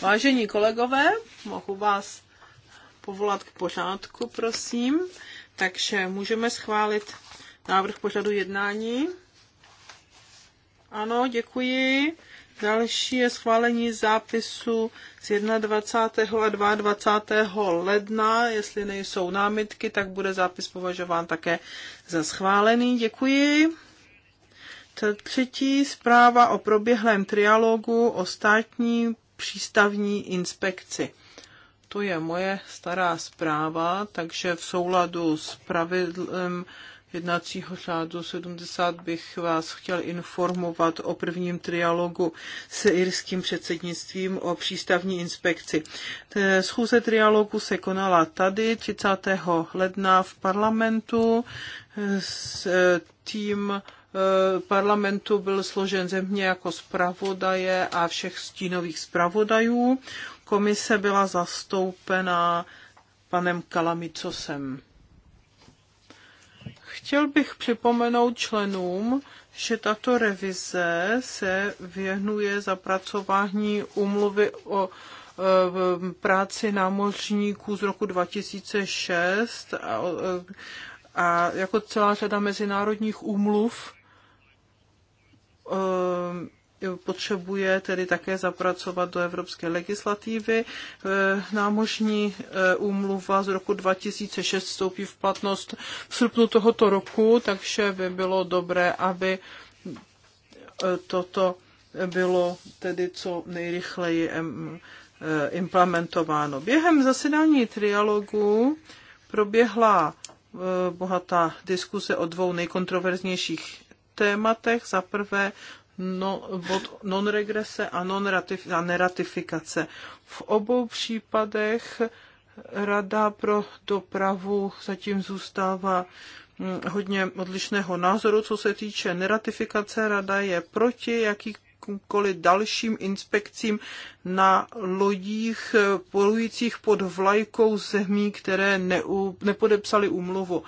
Vážení kolegové, mohu vás povolat k pořádku, prosím. Takže můžeme schválit návrh pořadu jednání. Ano, děkuji. Další je schválení zápisu z 21. a 22. ledna. Jestli nejsou námitky, tak bude zápis považován také za schválený. Děkuji. Třetí zpráva o proběhlém trialogu o státní přístavní inspekci. To je moje stará zpráva, takže v souladu s pravidlem jednacího řádu 70 bych vás chtěl informovat o prvním trialogu s irským předsednictvím o přístavní inspekci. Schůze trialogu se konala tady 30. ledna v parlamentu s tím Eh, parlamentu byl složen země jako zpravodaje a všech stínových zpravodajů. Komise byla zastoupena panem Kalamicosem. Chtěl bych připomenout členům, že tato revize se věnuje zapracování umluvy o eh, práci námořníků z roku 2006 a, eh, a jako celá řada mezinárodních úmluv Eh, potřebuje tedy také zapracovat do evropské legislativy. Eh, námožní eh, úmluva z roku 2006 vstoupí v platnost v srpnu tohoto roku, takže by bylo dobré, aby toto bylo tedy co nejrychleji implementováno. Během zasedání trialogu proběhla bohatá diskuse o dvou nejkontroverznějších tématech. Za prvé no, non-regrese a, non a neratifikace. V obou případech Rada pro dopravu zatím zůstává hm, hodně odlišného názoru, co se týče neratifikace. Rada je proti jakýmkoliv dalším inspekcím na lodích eh, polujících pod vlajkou zemí, které neu, nepodepsali úmluvu.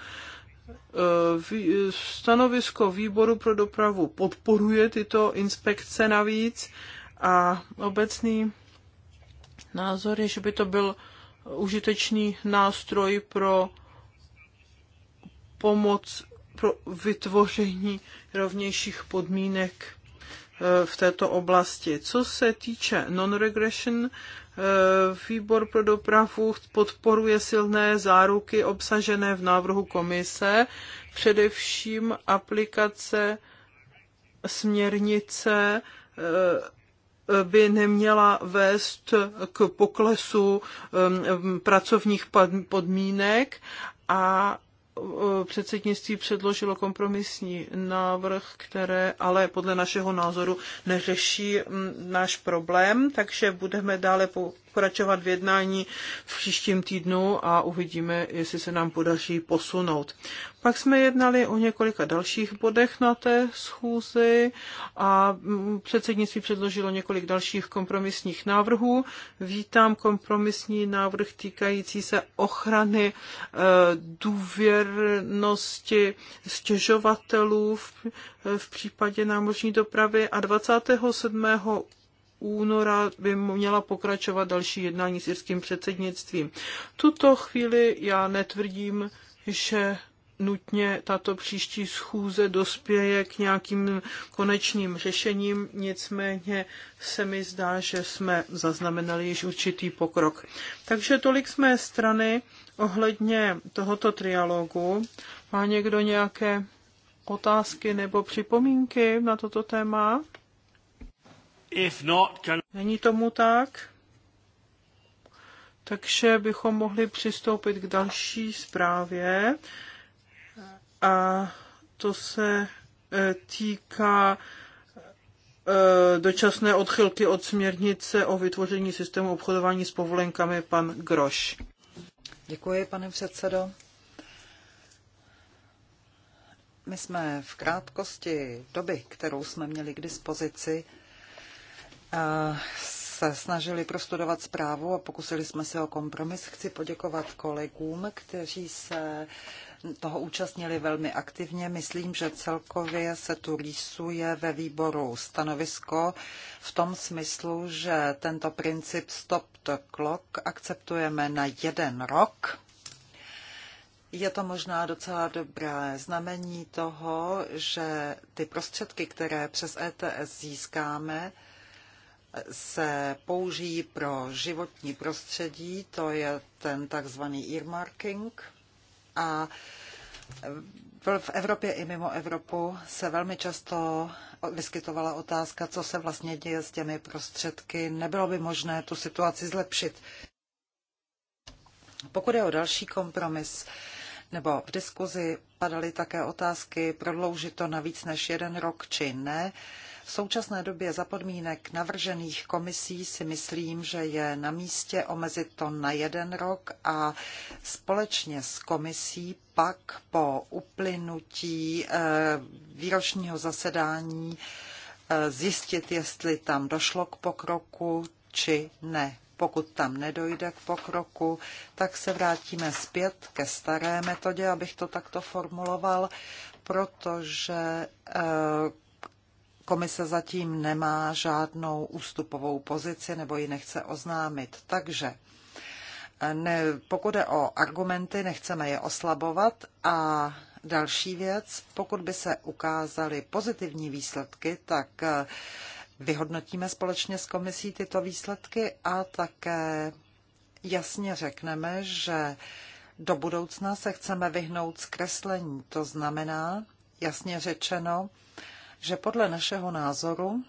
Eh, eh, stanovisko výboru pro dopravu podporuje tyto inspekce navíc a obecný názor je, že by to byl užitečný nástroj pro pomoc pro vytvoření rovnějších podmínek eh, v této oblasti. Co se týče non-regression, Eh, výbor pro dopravu podporuje silné záruky obsažené v návrhu komise, především aplikace směrnice eh, by neměla vést k poklesu ehm, pracovních podmínek a Eh, předsednictví předložilo kompromisní návrh, které ale podle našeho názoru neřeší mm, náš problém, takže budeme dále pokračovat v jednání v příštím týdnu a uvidíme, jestli se nám podaří posunout. Pak jsme jednali o několika dalších bodech na té schůzi a předsednictví předložilo několik dalších kompromisních návrhů. Vítám kompromisní návrh týkající se ochrany e, důvěrnosti stěžovatelů v, v případě námořní dopravy a 27 února by měla pokračovat další jednání s irským předsednictvím. Tuto chvíli já netvrdím, že nutně tato příští schůze dospěje k nějakým konečným řešením, nicméně se mi zdá, že jsme zaznamenali již určitý pokrok. Takže tolik z mé strany ohledně tohoto trialogu. Má někdo nějaké otázky nebo připomínky na toto téma? Není tomu tak? Takže bychom mohli přistoupit k další zprávě. A to se e, týká e, dočasné odchylky od směrnice o vytvoření systému obchodování s povolenkami pan Groš. Děkuji, pane předsedo. My jsme v krátkosti doby, kterou jsme měli k dispozici, se snažili prostudovat zprávu a pokusili jsme se o kompromis. Chci poděkovat kolegům, kteří se toho účastnili velmi aktivně. Myslím, že celkově se tu rýsuje ve výboru stanovisko v tom smyslu, že tento princip stop the clock akceptujeme na jeden rok. Je to možná docela dobré znamení toho, že ty prostředky, které přes ETS získáme, se použijí pro životní prostředí, to je ten takzvaný earmarking. A v Evropě i mimo Evropu se velmi často vyskytovala otázka, co se vlastně děje s těmi prostředky. Nebylo by možné tu situaci zlepšit. Pokud je o další kompromis, nebo v diskuzi padaly také otázky, prodloužit to na víc než jeden rok či ne. Uh, v současné době za podmínek navržených komisí si myslím, že je na místě omezit to na jeden rok a společně s komisí pak po uplynutí eh, výročního zasedání eh, zjistit, jestli tam došlo k pokroku či ne. Pokud tam nedojde k pokroku, tak se vrátíme zpět ke staré metodě, abych to takto formuloval, protože eh, Komise zatím nemá žádnou ústupovou pozici nebo ji nechce oznámit. Takže eh, ne, pokud je o argumenty, nechceme je oslabovat. A další věc, pokud by se ukázaly pozitivní výsledky, tak eh, vyhodnotíme společně s komisí tyto výsledky a také jasně řekneme, že do budoucna se chceme vyhnout zkreslení. To znamená, jasně řečeno, že podle našeho názoru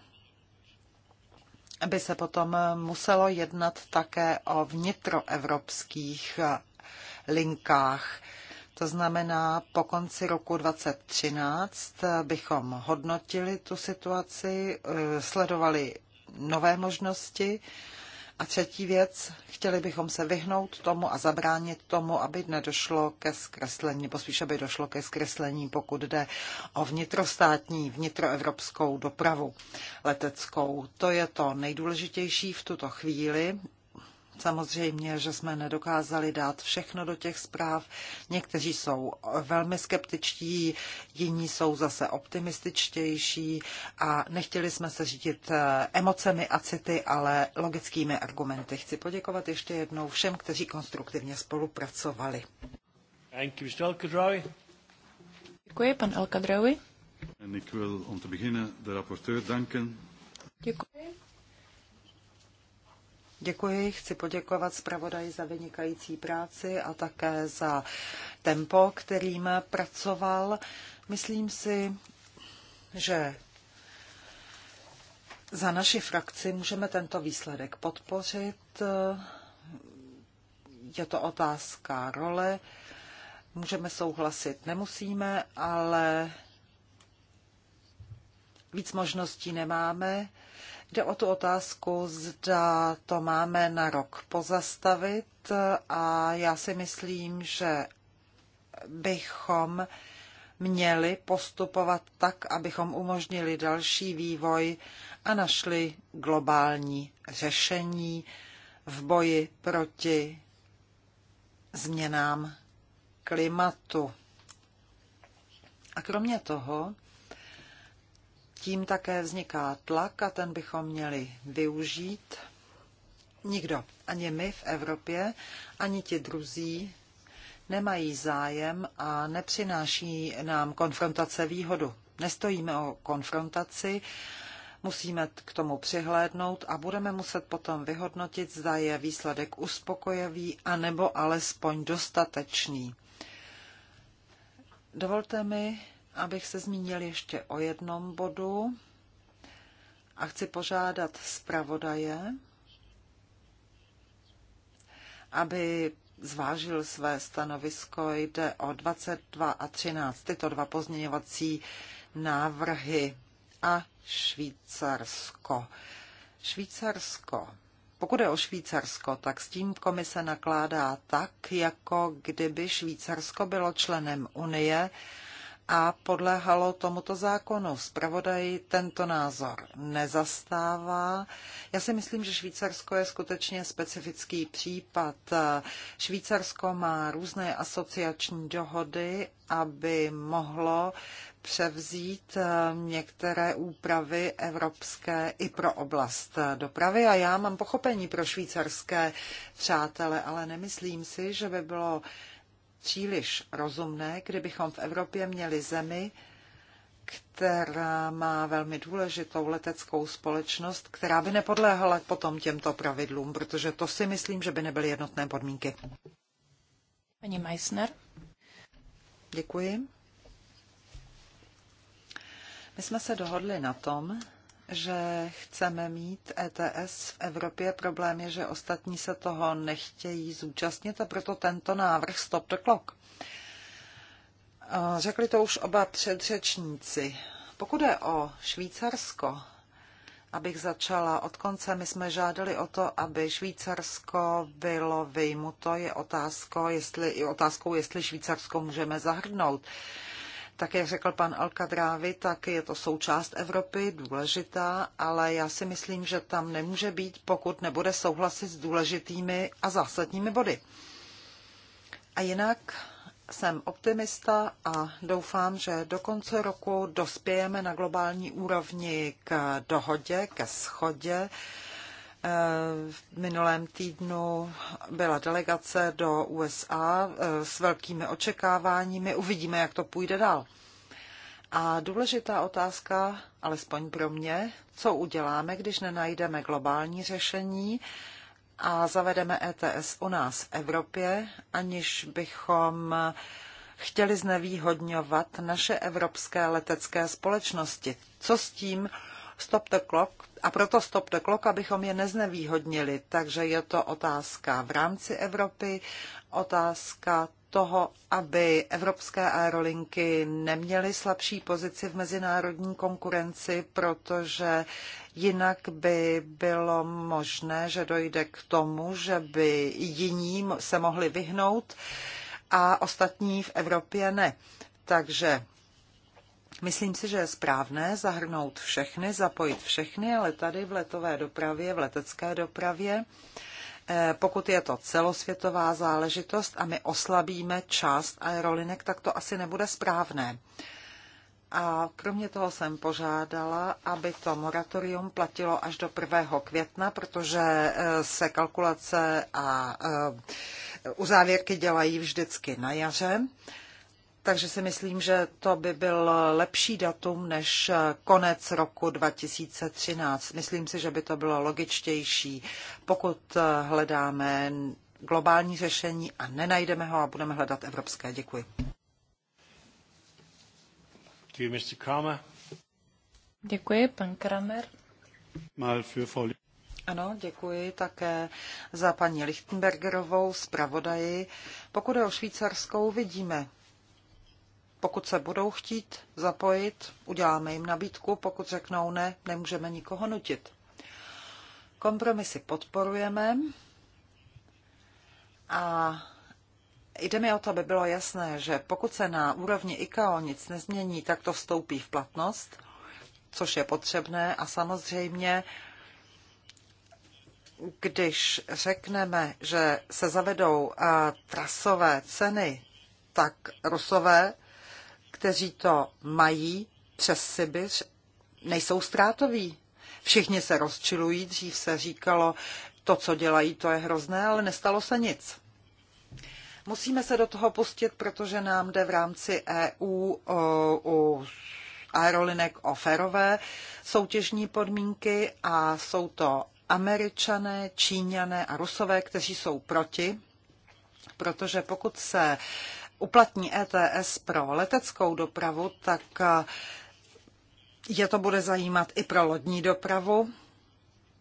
by se potom muselo jednat také o vnitroevropských linkách. To znamená, po konci roku 2013 bychom hodnotili tu situaci, sledovali nové možnosti a třetí věc, chtěli bychom se vyhnout tomu a zabránit tomu, aby nedošlo ke zkreslení, nebo spíš, aby došlo ke zkreslení, pokud jde o vnitrostátní, vnitroevropskou dopravu leteckou. To je to nejdůležitější v tuto chvíli. Samozřejmě, že jsme nedokázali dát všechno do těch zpráv. Někteří jsou velmi skeptičtí, jiní jsou zase optimističtější a nechtěli jsme se řídit eh, emocemi a city, ale logickými argumenty. Chci poděkovat ještě jednou všem, kteří konstruktivně spolupracovali. Děkuji, pan Alkadraoui. Děkuji. Děkuji, chci poděkovat zpravodaji za vynikající práci a také za tempo, kterým pracoval. Myslím si, že za naši frakci můžeme tento výsledek podpořit. Je to otázka role. Můžeme souhlasit, nemusíme, ale Víc možností nemáme. Jde o tu otázku, zda to máme na rok pozastavit a já si myslím, že bychom měli postupovat tak, abychom umožnili další vývoj a našli globální řešení v boji proti změnám klimatu. A kromě toho tím také vzniká tlak a ten bychom měli využít. Nikdo, ani my v Evropě, ani ti druzí, nemají zájem a nepřináší nám konfrontace výhodu. Nestojíme o konfrontaci, musíme k tomu přihlédnout a budeme muset potom vyhodnotit, zda je výsledek uspokojivý nebo alespoň dostatečný. Dovolte mi abych se zmínil ještě o jednom bodu a chci požádat zpravodaje, aby zvážil své stanovisko. Jde o 22 a 13, tyto dva pozměňovací návrhy a Švýcarsko. Švýcarsko. Pokud je o Švýcarsko, tak s tím komise nakládá tak, jako kdyby Švýcarsko bylo členem Unie a podléhalo tomuto zákonu. Spravodaj tento názor nezastává. Já si myslím, že Švýcarsko je skutečně specifický případ. Švýcarsko má různé asociační dohody, aby mohlo převzít eh, některé úpravy evropské i pro oblast dopravy. A já mám pochopení pro švýcarské přátele, ale nemyslím si, že by bylo příliš rozumné, kdybychom v Evropě měli zemi, která má velmi důležitou leteckou společnost, která by nepodléhala potom těmto pravidlům, protože to si myslím, že by nebyly jednotné podmínky. Pani Meissner. Děkuji. My jsme se dohodli na tom, že chceme mít ETS v Evropě. Problém je, že ostatní se toho nechtějí zúčastnit a proto tento návrh Stop the Clock. Řekli to už oba předřečníci. Pokud je o Švýcarsko, abych začala od konce, my jsme žádali o to, aby Švýcarsko bylo vyjmuto. Je otázkou, jestli, je otázkou, jestli Švýcarsko můžeme zahrnout. Tak jak řekl pan Alkadrávy, tak je to součást Evropy, důležitá, ale já si myslím, že tam nemůže být, pokud nebude souhlasit s důležitými a zásadními body. A jinak jsem optimista a doufám, že do konce roku dospějeme na globální úrovni k dohodě, ke schodě Eh, v minulém týdnu byla delegace do USA eh, s velkými očekáváními. Uvidíme, jak to půjde dál. A důležitá otázka, alespoň pro mě, co uděláme, když nenajdeme globální řešení a zavedeme ETS u nás v Evropě, aniž bychom chtěli znevýhodňovat naše evropské letecké společnosti. Co s tím? Stop the clock a proto stop the clock, abychom je neznevýhodnili. Takže je to otázka v rámci Evropy, otázka toho, aby evropské aerolinky neměly slabší pozici v mezinárodní konkurenci, protože jinak by bylo možné, že dojde k tomu, že by jiní se mohli vyhnout a ostatní v Evropě ne. Takže Myslím si, že je správné zahrnout všechny, zapojit všechny, ale tady v letové dopravě, v letecké dopravě, eh, pokud je to celosvětová záležitost a my oslabíme část aerolinek, tak to asi nebude správné. A kromě toho jsem požádala, aby to moratorium platilo až do 1. května, protože eh, se kalkulace a eh, uzávěrky dělají vždycky na jaře takže si myslím, že to by byl lepší datum než konec roku 2013. Myslím si, že by to bylo logičtější, pokud hledáme globální řešení a nenajdeme ho a budeme hledat evropské. Děkuji. Děkuji, pan Kramer. Ano, děkuji také za paní Lichtenbergerovou zpravodaji. Pokud je o Švýcarskou, vidíme, pokud se budou chtít zapojit, uděláme jim nabídku, pokud řeknou ne, nemůžeme nikoho nutit. Kompromisy podporujeme a jde mi o to, aby bylo jasné, že pokud se na úrovni ICAO nic nezmění, tak to vstoupí v platnost, což je potřebné a samozřejmě když řekneme, že se zavedou eh, trasové ceny, tak Rusové kteří to mají přes Sibiř, nejsou ztrátoví. Všichni se rozčilují, dřív se říkalo, to, co dělají, to je hrozné, ale nestalo se nic. Musíme se do toho pustit, protože nám jde v rámci EU o, o aerolinek o ferové soutěžní podmínky a jsou to američané, číňané a rusové, kteří jsou proti, protože pokud se uplatní ETS pro leteckou dopravu, tak eh, je to bude zajímat i pro lodní dopravu.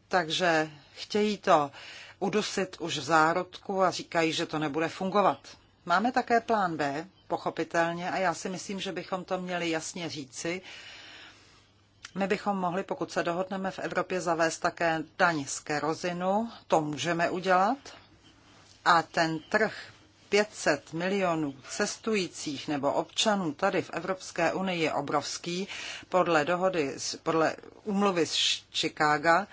Takže chtějí to udusit už v zárodku a říkají, že to nebude fungovat. Máme také plán B, pochopitelně, a já si myslím, že bychom to měli jasně říci. My bychom mohli, pokud se dohodneme v Evropě, zavést také daň z kerozinu. To můžeme udělat. A ten trh 500 milionů cestujících nebo občanů tady v Evropské unii je obrovský. Podle dohody, podle umluvy z Chicaga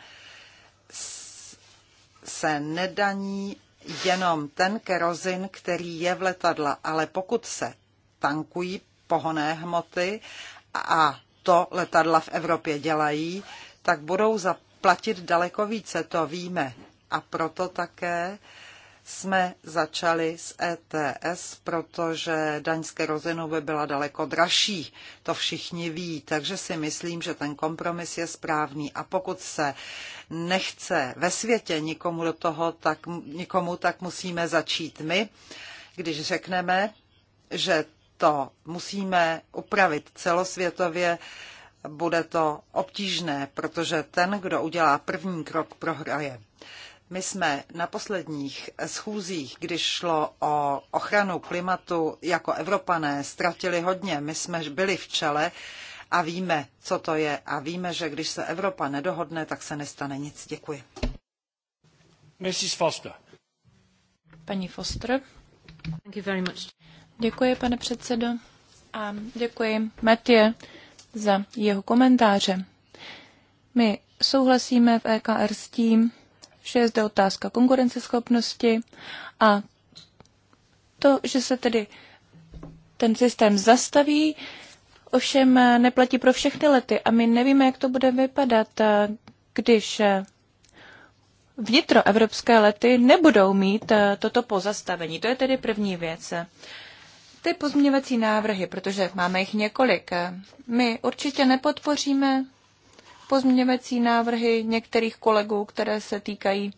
se nedaní jenom ten kerozin, který je v letadle, ale pokud se tankují pohoné hmoty a to letadla v Evropě dělají, tak budou zaplatit daleko více, to víme. A proto také jsme začali s ETS, protože daň z kerozinu by byla daleko dražší. To všichni ví, takže si myslím, že ten kompromis je správný. A pokud se nechce ve světě nikomu do toho, tak, nikomu, tak musíme začít my, když řekneme, že to musíme upravit celosvětově, bude to obtížné, protože ten, kdo udělá první krok, prohraje. My jsme na posledních schůzích, když šlo o ochranu klimatu jako Evropané, ztratili hodně. My jsme byli v čele a víme, co to je. A víme, že když se Evropa nedohodne, tak se nestane nic. Děkuji. Mrs. Foster. Paní Foster. Thank you very much. Děkuji, pane předsedo. A děkuji Matě za jeho komentáře. My souhlasíme v EKR s tím, že je zde otázka konkurenceschopnosti a to, že se tedy ten systém zastaví, ovšem neplatí pro všechny lety a my nevíme, jak to bude vypadat, když vnitroevropské lety nebudou mít toto pozastavení. To je tedy první věc. Ty pozměňovací návrhy, protože máme jich několik, my určitě nepodpoříme pozměňovací návrhy některých kolegů, které se týkají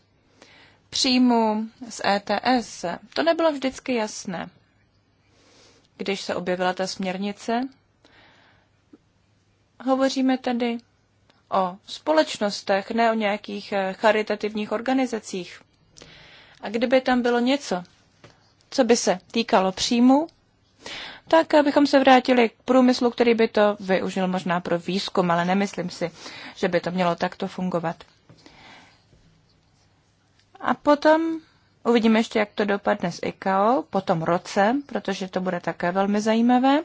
příjmu z ETS. To nebylo vždycky jasné. Když se objevila ta směrnice, hovoříme tedy o společnostech, ne o nějakých eh, charitativních organizacích. A kdyby tam bylo něco, co by se týkalo příjmu, tak bychom se vrátili k průmyslu, který by to využil možná pro výzkum, ale nemyslím si, že by to mělo takto fungovat. A potom uvidíme ještě, jak to dopadne s ICAO po tom roce, protože to bude také velmi zajímavé.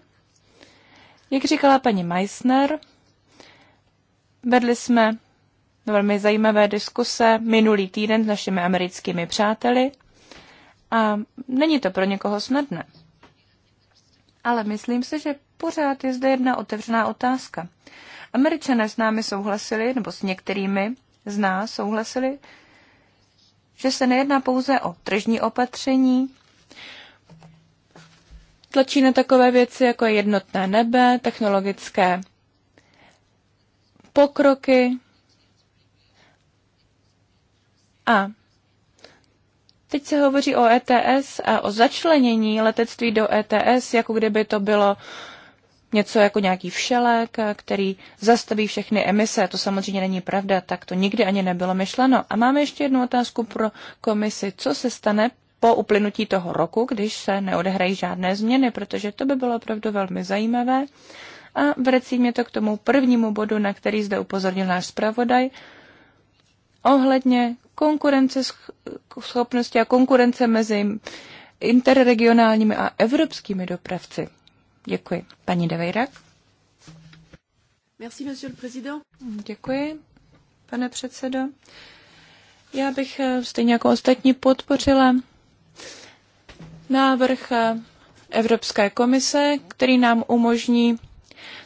Jak říkala paní Meissner, vedli jsme velmi zajímavé diskuse minulý týden s našimi americkými přáteli a není to pro někoho snadné ale myslím si, že pořád je zde jedna otevřená otázka. Američané s námi souhlasili, nebo s některými z nás souhlasili, že se nejedná pouze o tržní opatření, tlačí na takové věci, jako je jednotné nebe, technologické pokroky a Teď se hovoří o ETS a o začlenění letectví do ETS, jako kdyby to bylo něco jako nějaký všelek, který zastaví všechny emise. To samozřejmě není pravda, tak to nikdy ani nebylo myšleno. A máme ještě jednu otázku pro komisi. Co se stane po uplynutí toho roku, když se neodehrají žádné změny, protože to by bylo opravdu velmi zajímavé. A vrací mě to k tomu prvnímu bodu, na který zde upozornil náš zpravodaj, ohledně konkurence schopnosti a konkurence mezi interregionálními a evropskými dopravci. Děkuji. Paní Devejrak. Merci, monsieur le président. Děkuji, pane předsedo. Já bych eh, stejně jako ostatní podpořila návrh eh, Evropské komise, který nám umožní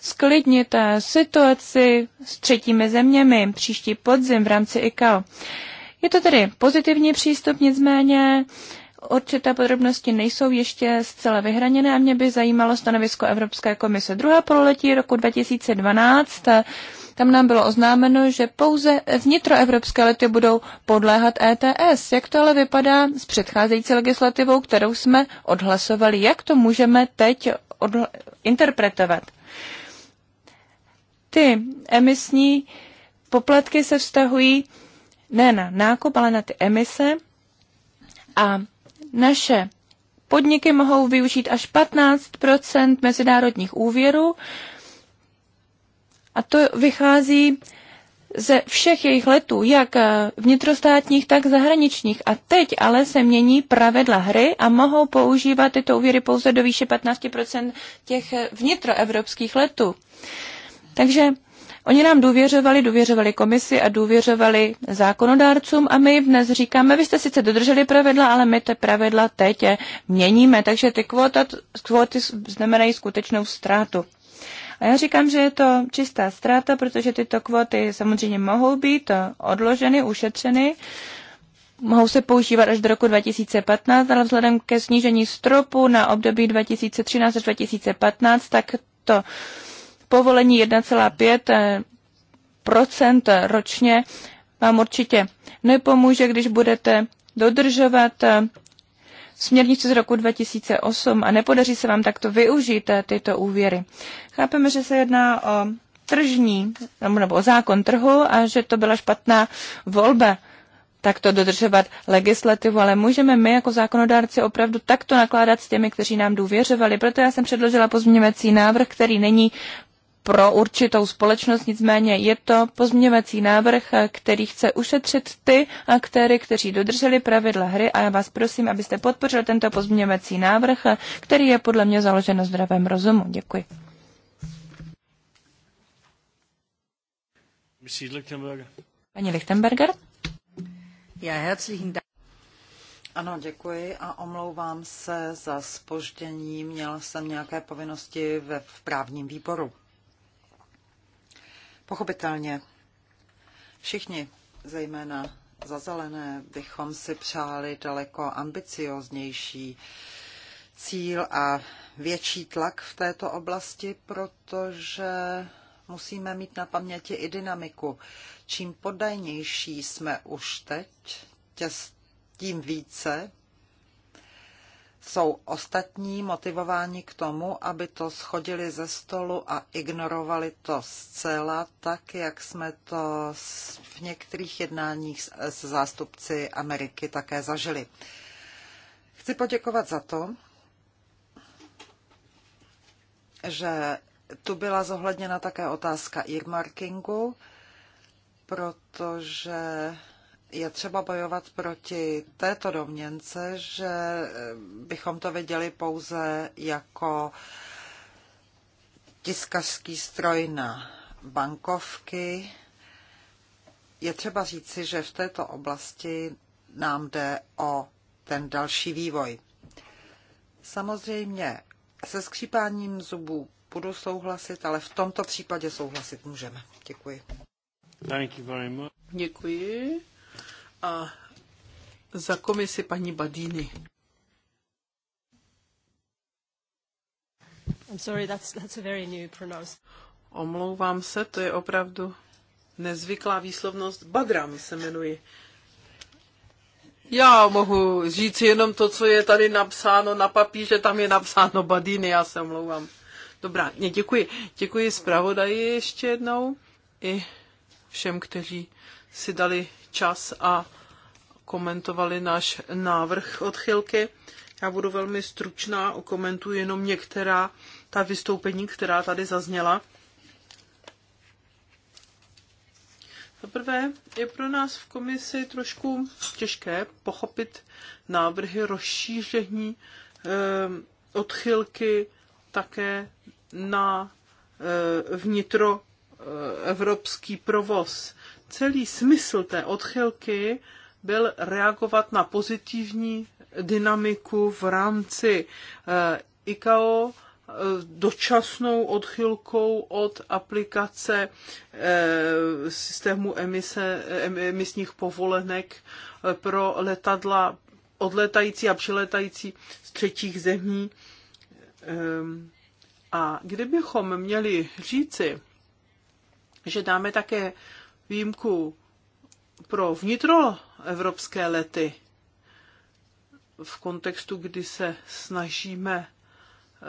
sklidnit eh, situaci s třetími zeměmi příští podzim v rámci ICAO. Je to tedy pozitivní přístup, nicméně určité podrobnosti nejsou ještě zcela vyhraněné a mě by zajímalo stanovisko Evropské komise. Druhá pololetí roku 2012 eh, tam nám bylo oznámeno, že pouze vnitroevropské lety budou podléhat ETS. Jak to ale vypadá s předcházející legislativou, kterou jsme odhlasovali? Jak to můžeme teď interpretovat. Ty emisní poplatky se vztahují ne na nákup, ale na ty emise a naše podniky mohou využít až 15 mezinárodních úvěrů a to vychází ze všech jejich letů, jak eh, vnitrostátních, tak zahraničních. A teď ale se mění pravidla hry a mohou používat tyto úvěry pouze do výše 15 těch eh, vnitroevropských letů. Takže Oni nám důvěřovali, důvěřovali komisi a důvěřovali zákonodárcům a my dnes říkáme, vy jste sice dodrželi pravidla, ale my ty pravidla teď eh, měníme, takže ty kvota, kvóty znamenají skutečnou ztrátu. A já říkám, že je to čistá ztráta, protože tyto kvóty samozřejmě mohou být odloženy, ušetřeny, mohou se používat až do roku 2015, ale vzhledem ke snížení stropu na období 2013 až 2015, tak to povolení 1,5 procent ročně vám určitě nepomůže, když budete dodržovat směrnici z roku 2008 a nepodaří se vám takto využít eh, tyto úvěry. Chápeme, že se jedná o tržní nebo o zákon trhu a že to byla špatná volba takto dodržovat legislativu, ale můžeme my jako zákonodárci opravdu takto nakládat s těmi, kteří nám důvěřovali. Proto já jsem předložila pozměňovací návrh, který není pro určitou společnost, nicméně je to pozměňovací návrh, který chce ušetřit ty aktéry, kteří dodrželi pravidla hry a já vás prosím, abyste podpořil tento pozměňovací návrh, který je podle mě založen na zdravém rozumu. Děkuji. Paní Lichtenberger? Já herzlichen Dank. Ano, děkuji a omlouvám se za spoždění. Měla jsem nějaké povinnosti ve, v právním výboru. Pochopitelně všichni, zejména za zelené, bychom si přáli daleko ambicioznější cíl a větší tlak v této oblasti, protože musíme mít na paměti i dynamiku. Čím podajnější jsme už teď, tím více jsou ostatní motivováni k tomu, aby to schodili ze stolu a ignorovali to zcela, tak jak jsme to v některých jednáních s zástupci Ameriky také zažili. Chci poděkovat za to, že tu byla zohledněna také otázka earmarkingu, protože je třeba bojovat proti této domněnce, že bychom to viděli pouze jako tiskařský stroj na bankovky. Je třeba říci, že v této oblasti nám jde o ten další vývoj. Samozřejmě se skřípáním zubů budu souhlasit, ale v tomto případě souhlasit můžeme. Děkuji. Thank you very much. Děkuji a za komisi paní Badíny. I'm sorry, that's, that's a very new Omlouvám se, to je opravdu nezvyklá výslovnost. Badram se jmenuji. Já mohu říct jenom to, co je tady napsáno na papíře, tam je napsáno Badíny, já se omlouvám. Dobrá, děkuji. Děkuji zpravodaji ještě jednou i všem, kteří si dali čas a komentovali náš návrh odchylky. Já budu velmi stručná, okomentuji jenom některá ta vystoupení, která tady zazněla. Za prvé je pro nás v komisi trošku těžké pochopit návrhy rozšíření eh, odchylky také na eh, vnitroevropský eh, provoz celý smysl té odchylky byl reagovat na pozitivní dynamiku v rámci eh, ICAO eh, dočasnou odchylkou od aplikace eh, systému emise, emisních povolenek pro letadla odletající a přiletající z třetích zemí. Ehm, a kdybychom měli říci, že dáme také výjimku pro vnitroevropské lety v kontextu, kdy se snažíme eh,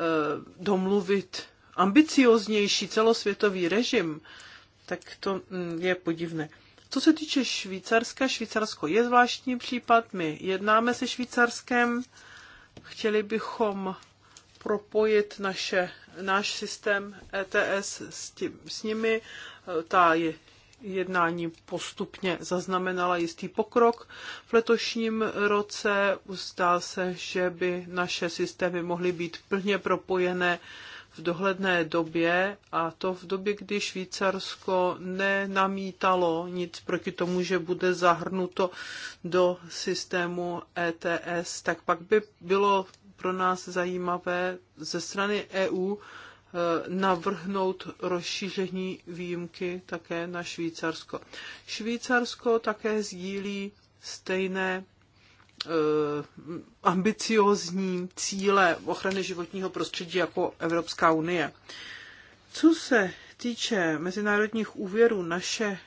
domluvit ambicioznější celosvětový režim, tak to mm, je podivné. Co se týče Švýcarska, Švýcarsko je zvláštní případ. My jednáme se Švýcarskem, chtěli bychom propojit naše, náš systém ETS s, tím, s nimi. Ta je jednání postupně zaznamenala jistý pokrok. V letošním roce zdá se, že by naše systémy mohly být plně propojené v dohledné době a to v době, kdy Švýcarsko nenamítalo nic proti tomu, že bude zahrnuto do systému ETS, tak pak by bylo pro nás zajímavé ze strany EU Eh, navrhnout rozšíření výjimky také na Švýcarsko. Švýcarsko také sdílí stejné eh, ambiciozní cíle ochrany životního prostředí jako Evropská unie. Co se týče mezinárodních úvěrů, naše eh,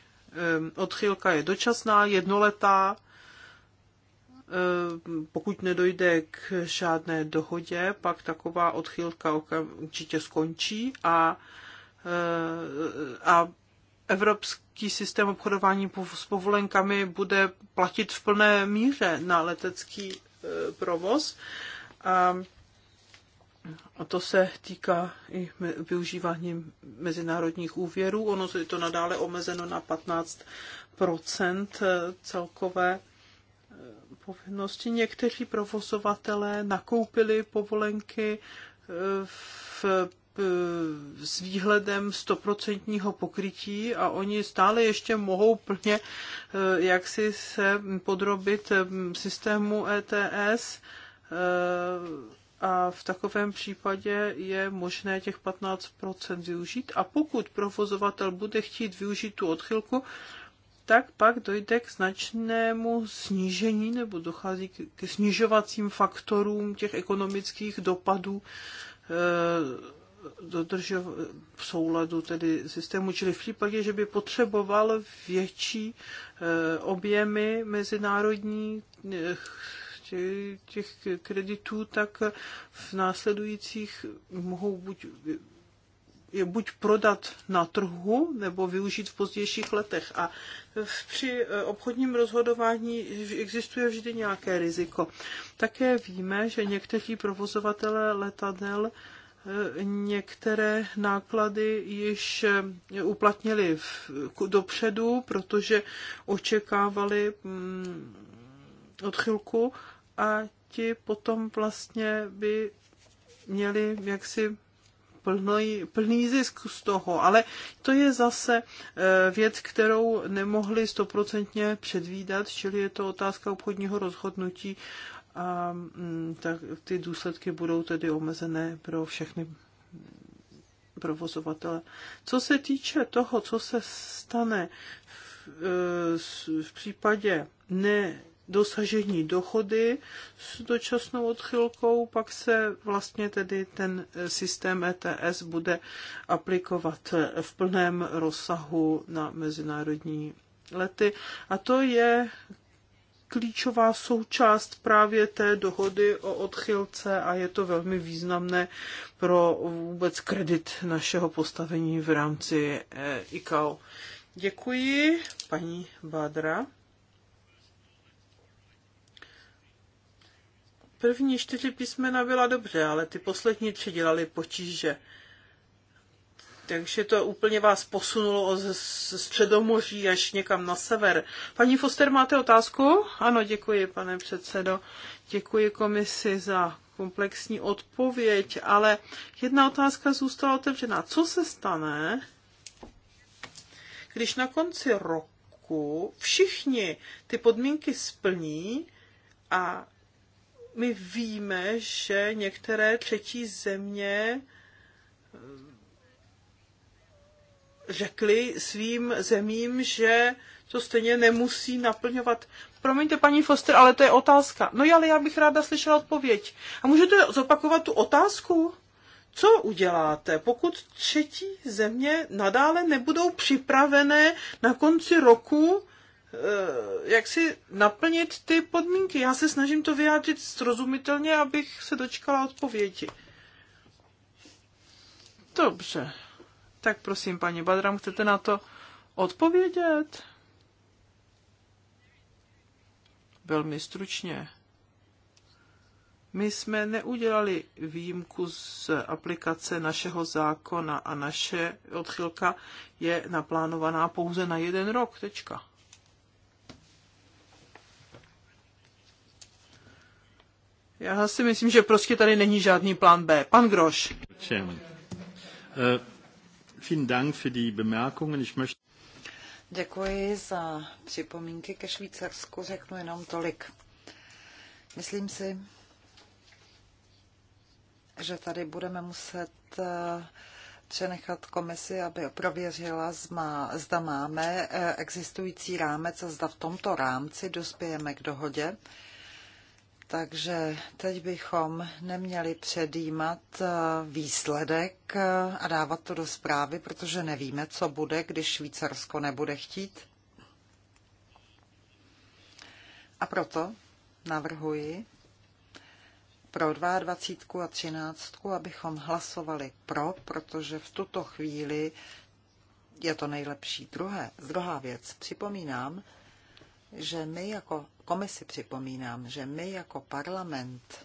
odchylka je dočasná, jednoletá Eh, pokud nedojde k žádné dohodě, pak taková odchylka určitě skončí a, eh, a evropský systém obchodování s povolenkami bude platit v plné míře na letecký eh, provoz. A a to se týká i využívání mezinárodních úvěrů. Ono je to nadále omezeno na 15 celkové povinnosti. Někteří provozovatelé nakoupili povolenky eh, v eh, s výhledem stoprocentního pokrytí a oni stále ještě mohou plně eh, jaksi se podrobit systému ETS a v takovém případě je možné těch 15% využít a pokud provozovatel bude chtít využít tu odchylku, tak pak dojde k značnému snížení nebo dochází k, snižovacím faktorům těch ekonomických dopadů e, dodržov, v souladu tedy systému, čili v případě, že by potřeboval větší e, objemy mezinárodních e, těch kreditů, tak v následujících mohou buď je buď prodat na trhu nebo využít v pozdějších letech. A při eh, obchodním rozhodování existuje vždy nějaké riziko. Také víme, že někteří provozovatelé letadel eh, některé náklady již eh, uplatnili v, dopředu, protože očekávali mm, odchylku a ti potom vlastně by měli jaksi plný, plný zisk z toho, ale to je zase eh, věc, kterou nemohli stoprocentně předvídat, čili je to otázka obchodního rozhodnutí a mm, tak ty důsledky budou tedy omezené pro všechny provozovatele. Co se týče toho, co se stane v, eh, v případě ne dosažení dochody s dočasnou odchylkou, pak se vlastně tedy ten eh, systém ETS bude aplikovat eh, v plném rozsahu na mezinárodní lety. A to je klíčová součást právě té dohody o odchylce a je to velmi významné pro vůbec kredit našeho postavení v rámci eh, ICAO. Děkuji, paní Badra. první čtyři písmena byla dobře, ale ty poslední tři dělali potíže. Takže to úplně vás posunulo ze středomoří až někam na sever. Paní Foster, máte otázku? Ano, děkuji, pane předsedo. Děkuji komisi za komplexní odpověď, ale jedna otázka zůstala otevřená. Co se stane, když na konci roku všichni ty podmínky splní a my víme, že některé třetí země eh, řekli svým zemím, že to stejně nemusí naplňovat. Promiňte, paní Foster, ale to je otázka. No ale já bych ráda slyšela odpověď. A můžete zopakovat tu otázku? Co uděláte, pokud třetí země nadále nebudou připravené na konci roku Eh, jak si naplnit ty podmínky. Já se snažím to vyjádřit srozumitelně, abych se dočkala odpovědi. Dobře. Tak prosím, paní Badram, chcete na to odpovědět? Velmi stručně. My jsme neudělali výjimku z aplikace našeho zákona a naše odchylka je naplánovaná pouze na jeden rok. Tečka. Já si myslím, že prostě tady není žádný plán B. Pan Groš. Eh, Děkuji za připomínky ke Švýcarsku. Řeknu jenom tolik. Myslím si, že tady budeme muset eh, přenechat komisi, aby prověřila, zda máme eh, existující rámec a zda v tomto rámci dospějeme k dohodě. Takže teď bychom neměli předjímat eh, výsledek eh, a dávat to do zprávy, protože nevíme, co bude, když Švýcarsko nebude chtít. A proto navrhuji pro 22 a 13, abychom hlasovali pro, protože v tuto chvíli je to nejlepší. Druhé, druhá věc, připomínám, že my jako komisi připomínám, že my jako parlament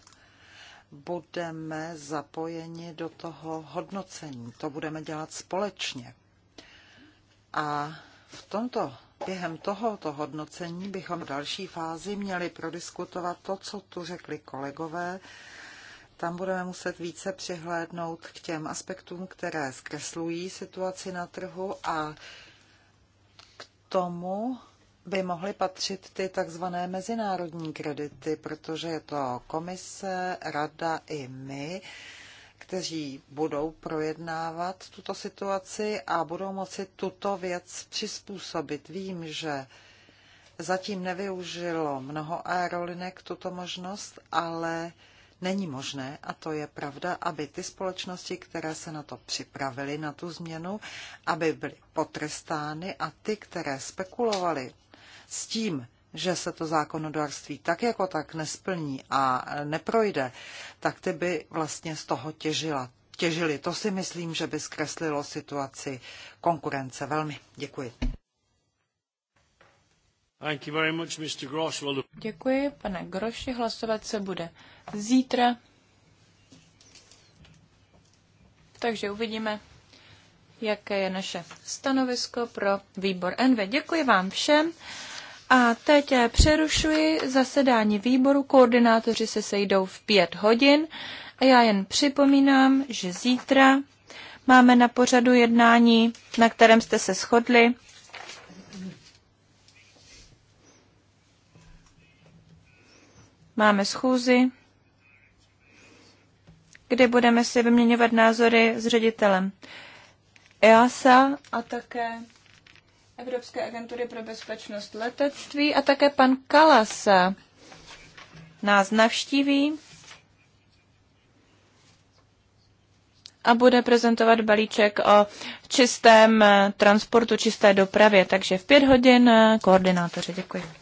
budeme zapojeni do toho hodnocení. To budeme dělat společně. A v tomto Během tohoto hodnocení bychom v další fázi měli prodiskutovat to, co tu řekli kolegové. Tam budeme muset více přihlédnout k těm aspektům, které zkreslují situaci na trhu a k tomu, by mohly patřit ty takzvané mezinárodní kredity, protože je to komise, rada i my, kteří budou projednávat tuto situaci a budou moci tuto věc přizpůsobit. Vím, že zatím nevyužilo mnoho aerolinek tuto možnost, ale není možné, a to je pravda, aby ty společnosti, které se na to připravily, na tu změnu, aby byly potrestány a ty, které spekulovaly s tím, že se to zákonodárství tak jako tak nesplní a neprojde, tak ty by vlastně z toho těžila. těžili. To si myslím, že by zkreslilo situaci konkurence velmi. Děkuji. Thank you very much, Mr. Děkuji, pane Groši. Hlasovat se bude zítra. Takže uvidíme, jaké je naše stanovisko pro výbor NV. Děkuji vám všem. A teď eh, přerušuji zasedání výboru. Koordinátoři se sejdou v pět hodin. A já jen připomínám, že zítra máme na pořadu jednání, na kterém jste se shodli, máme schůzi, kde budeme si vyměňovat názory s ředitelem EASA a také Evropské agentury pro bezpečnost letectví a také pan Kalas nás navštíví a bude prezentovat balíček o čistém transportu, čisté dopravě. Takže v pět hodin eh, koordinátoři. Děkuji.